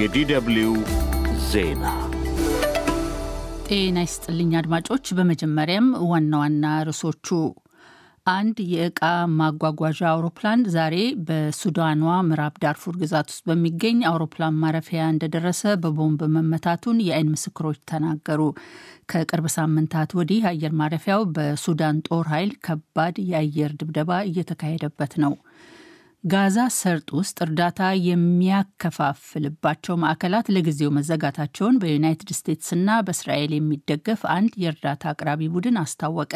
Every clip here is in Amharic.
የዲደብሊው ዜና ጤና ይስጥልኝ አድማጮች። በመጀመሪያም ዋና ዋና ርዕሶቹ አንድ የእቃ ማጓጓዣ አውሮፕላን ዛሬ በሱዳኗ ምዕራብ ዳርፉር ግዛት ውስጥ በሚገኝ አውሮፕላን ማረፊያ እንደደረሰ በቦምብ መመታቱን የአይን ምስክሮች ተናገሩ። ከቅርብ ሳምንታት ወዲህ አየር ማረፊያው በሱዳን ጦር ኃይል ከባድ የአየር ድብደባ እየተካሄደበት ነው። ጋዛ ሰርጥ ውስጥ እርዳታ የሚያከፋፍልባቸው ማዕከላት ለጊዜው መዘጋታቸውን በዩናይትድ ስቴትስና በእስራኤል የሚደገፍ አንድ የእርዳታ አቅራቢ ቡድን አስታወቀ።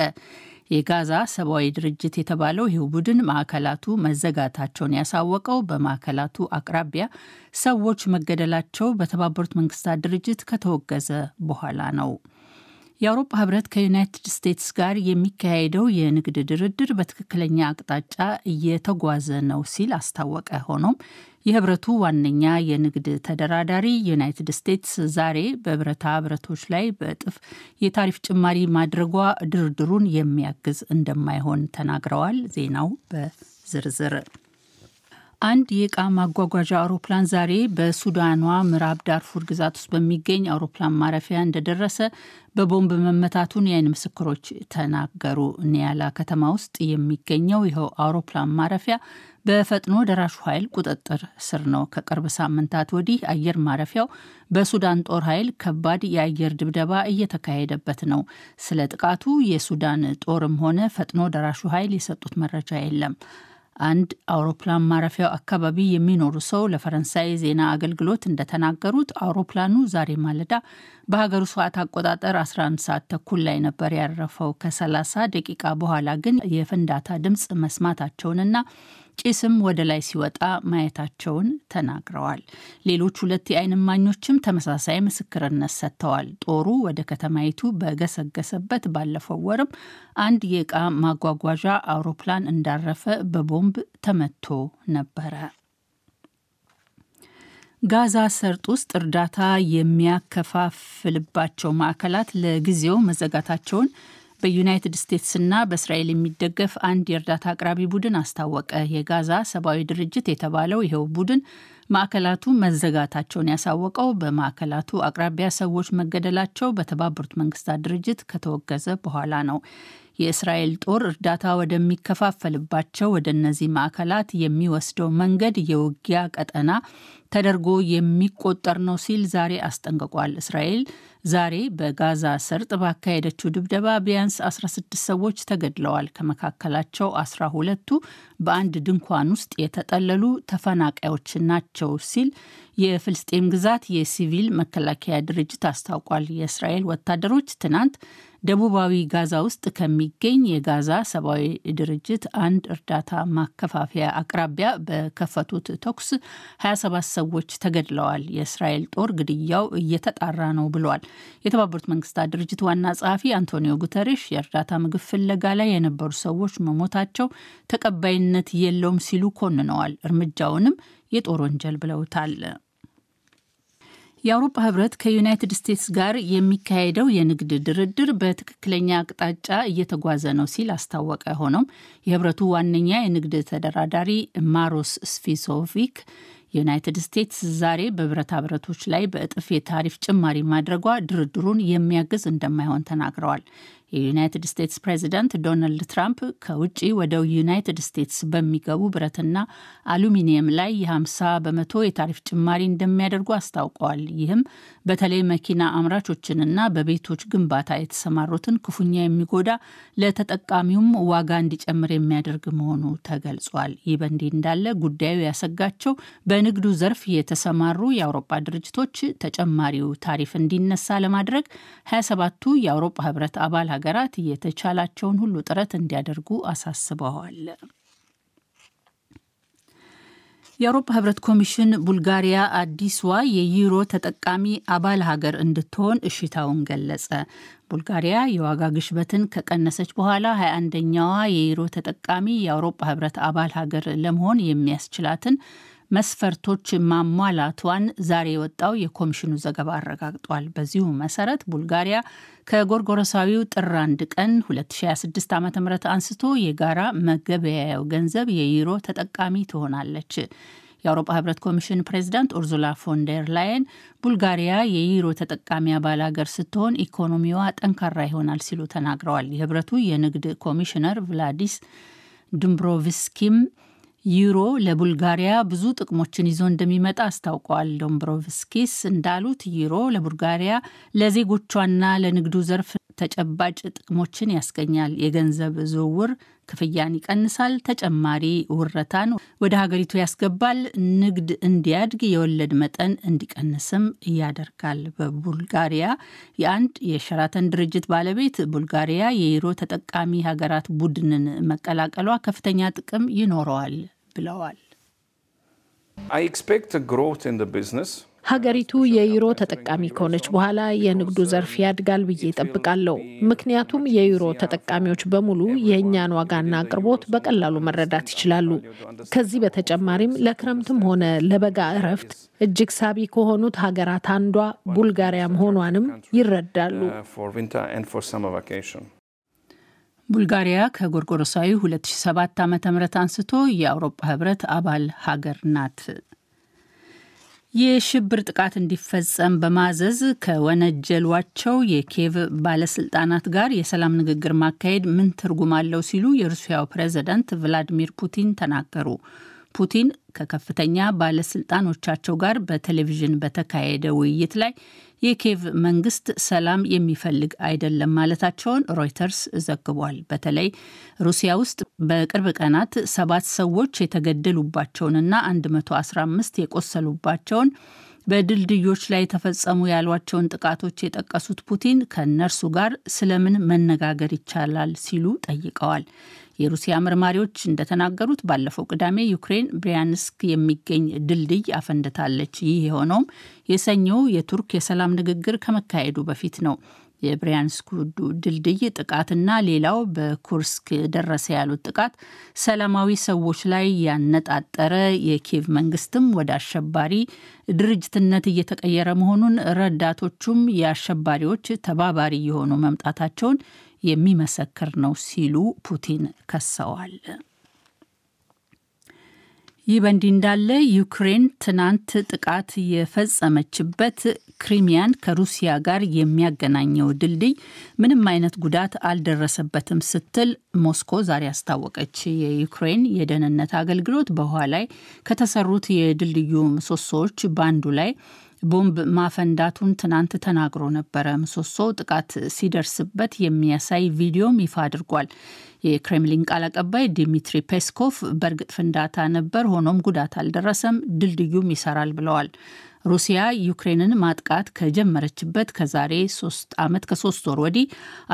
የጋዛ ሰብአዊ ድርጅት የተባለው ይህ ቡድን ማዕከላቱ መዘጋታቸውን ያሳወቀው በማዕከላቱ አቅራቢያ ሰዎች መገደላቸው በተባበሩት መንግስታት ድርጅት ከተወገዘ በኋላ ነው። የአውሮፓ ህብረት ከዩናይትድ ስቴትስ ጋር የሚካሄደው የንግድ ድርድር በትክክለኛ አቅጣጫ እየተጓዘ ነው ሲል አስታወቀ። ሆኖም የህብረቱ ዋነኛ የንግድ ተደራዳሪ ዩናይትድ ስቴትስ ዛሬ በብረታ ብረቶች ላይ በእጥፍ የታሪፍ ጭማሪ ማድረጓ ድርድሩን የሚያግዝ እንደማይሆን ተናግረዋል። ዜናው በዝርዝር አንድ የእቃ ማጓጓዣ አውሮፕላን ዛሬ በሱዳኗ ምዕራብ ዳርፉር ግዛት ውስጥ በሚገኝ አውሮፕላን ማረፊያ እንደደረሰ በቦምብ መመታቱን የአይን ምስክሮች ተናገሩ። ኒያላ ከተማ ውስጥ የሚገኘው ይኸው አውሮፕላን ማረፊያ በፈጥኖ ደራሹ ኃይል ቁጥጥር ስር ነው። ከቅርብ ሳምንታት ወዲህ አየር ማረፊያው በሱዳን ጦር ኃይል ከባድ የአየር ድብደባ እየተካሄደበት ነው። ስለ ጥቃቱ የሱዳን ጦርም ሆነ ፈጥኖ ደራሹ ኃይል የሰጡት መረጃ የለም። አንድ አውሮፕላን ማረፊያው አካባቢ የሚኖሩ ሰው ለፈረንሳይ ዜና አገልግሎት እንደተናገሩት አውሮፕላኑ ዛሬ ማለዳ በሀገሩ ሰዓት አቆጣጠር 11 ሰዓት ተኩል ላይ ነበር ያረፈው። ከ30 ደቂቃ በኋላ ግን የፍንዳታ ድምፅ መስማታቸውንና ጭስም ወደ ላይ ሲወጣ ማየታቸውን ተናግረዋል። ሌሎች ሁለት የዓይን እማኞችም ተመሳሳይ ምስክርነት ሰጥተዋል። ጦሩ ወደ ከተማይቱ በገሰገሰበት ባለፈው ወርም አንድ የእቃ ማጓጓዣ አውሮፕላን እንዳረፈ በቦምብ ተመቶ ነበረ። ጋዛ ሰርጥ ውስጥ እርዳታ የሚያከፋፍልባቸው ማዕከላት ለጊዜው መዘጋታቸውን በዩናይትድ ስቴትስና በእስራኤል የሚደገፍ አንድ የእርዳታ አቅራቢ ቡድን አስታወቀ። የጋዛ ሰብአዊ ድርጅት የተባለው ይኸው ቡድን ማዕከላቱ መዘጋታቸውን ያሳወቀው በማዕከላቱ አቅራቢያ ሰዎች መገደላቸው በተባበሩት መንግስታት ድርጅት ከተወገዘ በኋላ ነው። የእስራኤል ጦር እርዳታ ወደሚከፋፈልባቸው ወደ እነዚህ ማዕከላት የሚወስደው መንገድ የውጊያ ቀጠና ተደርጎ የሚቆጠር ነው ሲል ዛሬ አስጠንቅቋል። እስራኤል ዛሬ በጋዛ ሰርጥ ባካሄደችው ድብደባ ቢያንስ 16 ሰዎች ተገድለዋል። ከመካከላቸው 12ቱ በአንድ ድንኳን ውስጥ የተጠለሉ ተፈናቃዮች ናቸው ሲል የፍልስጤም ግዛት የሲቪል መከላከያ ድርጅት አስታውቋል። የእስራኤል ወታደሮች ትናንት ደቡባዊ ጋዛ ውስጥ ከሚገኝ የጋዛ ሰብአዊ ድርጅት አንድ እርዳታ ማከፋፈያ አቅራቢያ በከፈቱት ተኩስ 27 ሰዎች ተገድለዋል። የእስራኤል ጦር ግድያው እየተጣራ ነው ብሏል። የተባበሩት መንግስታት ድርጅት ዋና ጸሐፊ አንቶኒዮ ጉተሬሽ የእርዳታ ምግብ ፍለጋ ላይ የነበሩ ሰዎች መሞታቸው ተቀባይነት የለውም ሲሉ ኮንነዋል። እርምጃውንም የጦር ወንጀል ብለውታል። የአውሮፓ ህብረት ከዩናይትድ ስቴትስ ጋር የሚካሄደው የንግድ ድርድር በትክክለኛ አቅጣጫ እየተጓዘ ነው ሲል አስታወቀ። ሆኖም የህብረቱ ዋነኛ የንግድ ተደራዳሪ ማሮስ ስፊሶቪክ ዩናይትድ ስቴትስ ዛሬ በብረታ ብረቶች ላይ በእጥፍ የታሪፍ ጭማሪ ማድረጓ ድርድሩን የሚያግዝ እንደማይሆን ተናግረዋል። የዩናይትድ ስቴትስ ፕሬዚደንት ዶናልድ ትራምፕ ከውጭ ወደ ዩናይትድ ስቴትስ በሚገቡ ብረትና አሉሚኒየም ላይ የ50 በመቶ የታሪፍ ጭማሪ እንደሚያደርጉ አስታውቀዋል። ይህም በተለይ መኪና አምራቾችንና በቤቶች ግንባታ የተሰማሩትን ክፉኛ የሚጎዳ ለተጠቃሚውም ዋጋ እንዲጨምር የሚያደርግ መሆኑ ተገልጿል። ይህ በእንዲህ እንዳለ ጉዳዩ ያሰጋቸው በንግዱ ዘርፍ የተሰማሩ የአውሮፓ ድርጅቶች ተጨማሪው ታሪፍ እንዲነሳ ለማድረግ 27ቱ የአውሮፓ ህብረት አባል ሀገራት የተቻላቸውን ሁሉ ጥረት እንዲያደርጉ አሳስበዋል። የአውሮፓ ህብረት ኮሚሽን ቡልጋሪያ አዲስዋ የዩሮ ተጠቃሚ አባል ሀገር እንድትሆን እሽታውን ገለጸ። ቡልጋሪያ የዋጋ ግሽበትን ከቀነሰች በኋላ 21ኛዋ የዩሮ ተጠቃሚ የአውሮፓ ህብረት አባል ሀገር ለመሆን የሚያስችላትን መስፈርቶች ማሟላቷን ዛሬ የወጣው የኮሚሽኑ ዘገባ አረጋግጧል። በዚሁ መሰረት ቡልጋሪያ ከጎርጎረሳዊው ጥር አንድ ቀን 2026 ዓ ም አንስቶ የጋራ መገበያያው ገንዘብ የዩሮ ተጠቃሚ ትሆናለች። የአውሮፓ ህብረት ኮሚሽን ፕሬዚዳንት ኡርዙላ ፎንደር ላይን ቡልጋሪያ የዩሮ ተጠቃሚ አባል ሀገር ስትሆን ኢኮኖሚዋ ጠንካራ ይሆናል ሲሉ ተናግረዋል። የህብረቱ የንግድ ኮሚሽነር ቭላዲስ ድምብሮቭስኪም ዩሮ ለቡልጋሪያ ብዙ ጥቅሞችን ይዞ እንደሚመጣ አስታውቀዋል። ዶምብሮቭስኪስ እንዳሉት ዩሮ ለቡልጋሪያ ለዜጎቿና ለንግዱ ዘርፍ ተጨባጭ ጥቅሞችን ያስገኛል። የገንዘብ ዝውውር ክፍያን ይቀንሳል፣ ተጨማሪ ውረታን ወደ ሀገሪቱ ያስገባል፣ ንግድ እንዲያድግ፣ የወለድ መጠን እንዲቀንስም ያደርጋል። በቡልጋሪያ የአንድ የሸራተን ድርጅት ባለቤት ቡልጋሪያ የዩሮ ተጠቃሚ ሀገራት ቡድንን መቀላቀሏ ከፍተኛ ጥቅም ይኖረዋል ብለዋል። ሀገሪቱ የዩሮ ተጠቃሚ ከሆነች በኋላ የንግዱ ዘርፍ ያድጋል ብዬ እጠብቃለሁ። ምክንያቱም የዩሮ ተጠቃሚዎች በሙሉ የእኛን ዋጋና አቅርቦት በቀላሉ መረዳት ይችላሉ። ከዚህ በተጨማሪም ለክረምትም ሆነ ለበጋ እረፍት እጅግ ሳቢ ከሆኑት ሀገራት አንዷ ቡልጋሪያ መሆኗንም ይረዳሉ። uh, ቡልጋሪያ ከጎርጎሮሳዊ 2007 ዓ ም አንስቶ የአውሮፓ ህብረት አባል ሀገር ናት። የሽብር ጥቃት እንዲፈጸም በማዘዝ ከወነጀሏቸው የኬቭ ባለስልጣናት ጋር የሰላም ንግግር ማካሄድ ምን ትርጉም አለው ሲሉ የሩሲያው ፕሬዚዳንት ቭላዲሚር ፑቲን ተናገሩ። ፑቲን ከከፍተኛ ባለስልጣኖቻቸው ጋር በቴሌቪዥን በተካሄደ ውይይት ላይ የኬቭ መንግስት ሰላም የሚፈልግ አይደለም ማለታቸውን ሮይተርስ ዘግቧል። በተለይ ሩሲያ ውስጥ በቅርብ ቀናት ሰባት ሰዎች የተገደሉባቸውንና 115 የቆሰሉባቸውን በድልድዮች ላይ የተፈጸሙ ያሏቸውን ጥቃቶች የጠቀሱት ፑቲን ከእነርሱ ጋር ስለምን መነጋገር ይቻላል ሲሉ ጠይቀዋል። የሩሲያ መርማሪዎች እንደተናገሩት ባለፈው ቅዳሜ ዩክሬን ብሪያንስክ የሚገኝ ድልድይ አፈንድታለች። ይህ የሆነውም የሰኞው የቱርክ የሰላም ንግግር ከመካሄዱ በፊት ነው። የብሪያንስኩ ድልድይ ጥቃትና ሌላው በኩርስክ ደረሰ ያሉት ጥቃት ሰላማዊ ሰዎች ላይ ያነጣጠረ የኪየቭ መንግስትም ወደ አሸባሪ ድርጅትነት እየተቀየረ መሆኑን ረዳቶቹም የአሸባሪዎች ተባባሪ የሆኑ መምጣታቸውን የሚመሰክር ነው ሲሉ ፑቲን ከሰዋል። ይህ በእንዲህ እንዳለ ዩክሬን ትናንት ጥቃት የፈጸመችበት ክሪሚያን ከሩሲያ ጋር የሚያገናኘው ድልድይ ምንም አይነት ጉዳት አልደረሰበትም ስትል ሞስኮ ዛሬ አስታወቀች። የዩክሬን የደህንነት አገልግሎት በውሃ ላይ ከተሰሩት የድልድዩ ምሰሶዎች በአንዱ ላይ ቦምብ ማፈንዳቱን ትናንት ተናግሮ ነበረ። ምሰሶ ጥቃት ሲደርስበት የሚያሳይ ቪዲዮም ይፋ አድርጓል። የክሬምሊን ቃል አቀባይ ዲሚትሪ ፔስኮቭ በእርግጥ ፍንዳታ ነበር፣ ሆኖም ጉዳት አልደረሰም፣ ድልድዩም ይሰራል ብለዋል። ሩሲያ ዩክሬንን ማጥቃት ከጀመረችበት ከዛሬ ሶስት ዓመት ከሶስት ወር ወዲህ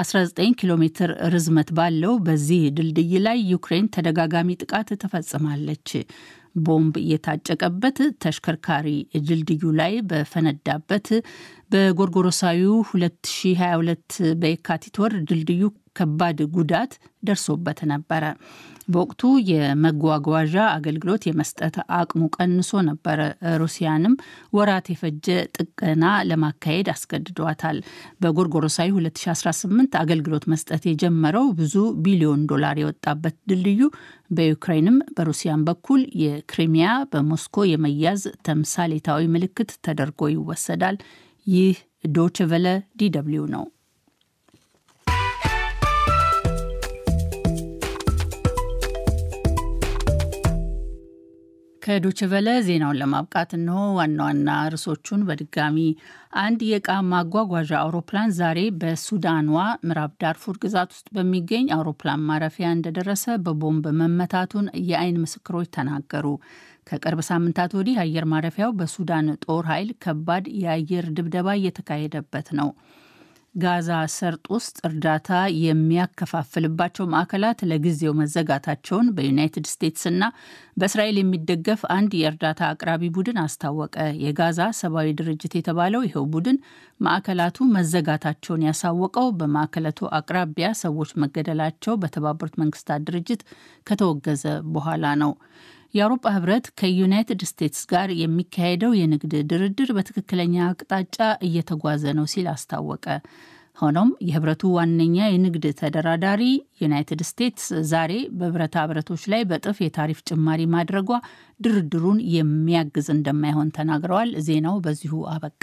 19 ኪሎ ሜትር ርዝመት ባለው በዚህ ድልድይ ላይ ዩክሬን ተደጋጋሚ ጥቃት ትፈጽማለች። ቦምብ የታጨቀበት ተሽከርካሪ ድልድዩ ላይ በፈነዳበት በጎርጎሮሳዊ 2022 በየካቲት ወር ድልድዩ ከባድ ጉዳት ደርሶበት ነበረ። በወቅቱ የመጓጓዣ አገልግሎት የመስጠት አቅሙ ቀንሶ ነበረ። ሩሲያንም ወራት የፈጀ ጥገና ለማካሄድ አስገድዷታል። በጎርጎሮሳዊ 2018 አገልግሎት መስጠት የጀመረው ብዙ ቢሊዮን ዶላር የወጣበት ድልድዩ በዩክሬንም በሩሲያን በኩል የክሪሚያ በሞስኮ የመያዝ ተምሳሌታዊ ምልክት ተደርጎ ይወሰዳል። ይህ ዶችቨለ ዲደብሊው ነው። ከዶችቨለ ዜናውን ለማብቃት እንሆ ዋና ዋና ርዕሶቹን በድጋሚ አንድ የእቃ ማጓጓዣ አውሮፕላን ዛሬ በሱዳንዋ ምዕራብ ዳርፉር ግዛት ውስጥ በሚገኝ አውሮፕላን ማረፊያ እንደደረሰ በቦምብ መመታቱን የአይን ምስክሮች ተናገሩ። ከቅርብ ሳምንታት ወዲህ አየር ማረፊያው በሱዳን ጦር ኃይል ከባድ የአየር ድብደባ እየተካሄደበት ነው። ጋዛ ሰርጥ ውስጥ እርዳታ የሚያከፋፍልባቸው ማዕከላት ለጊዜው መዘጋታቸውን በዩናይትድ ስቴትስና በእስራኤል የሚደገፍ አንድ የእርዳታ አቅራቢ ቡድን አስታወቀ። የጋዛ ሰብአዊ ድርጅት የተባለው ይኸው ቡድን ማዕከላቱ መዘጋታቸውን ያሳወቀው በማዕከላቱ አቅራቢያ ሰዎች መገደላቸው በተባበሩት መንግስታት ድርጅት ከተወገዘ በኋላ ነው። የአውሮፓ ህብረት ከዩናይትድ ስቴትስ ጋር የሚካሄደው የንግድ ድርድር በትክክለኛ አቅጣጫ እየተጓዘ ነው ሲል አስታወቀ። ሆኖም የህብረቱ ዋነኛ የንግድ ተደራዳሪ ዩናይትድ ስቴትስ ዛሬ በብረታ ብረቶች ላይ በጥፍ የታሪፍ ጭማሪ ማድረጓ ድርድሩን የሚያግዝ እንደማይሆን ተናግረዋል። ዜናው በዚሁ አበቃ።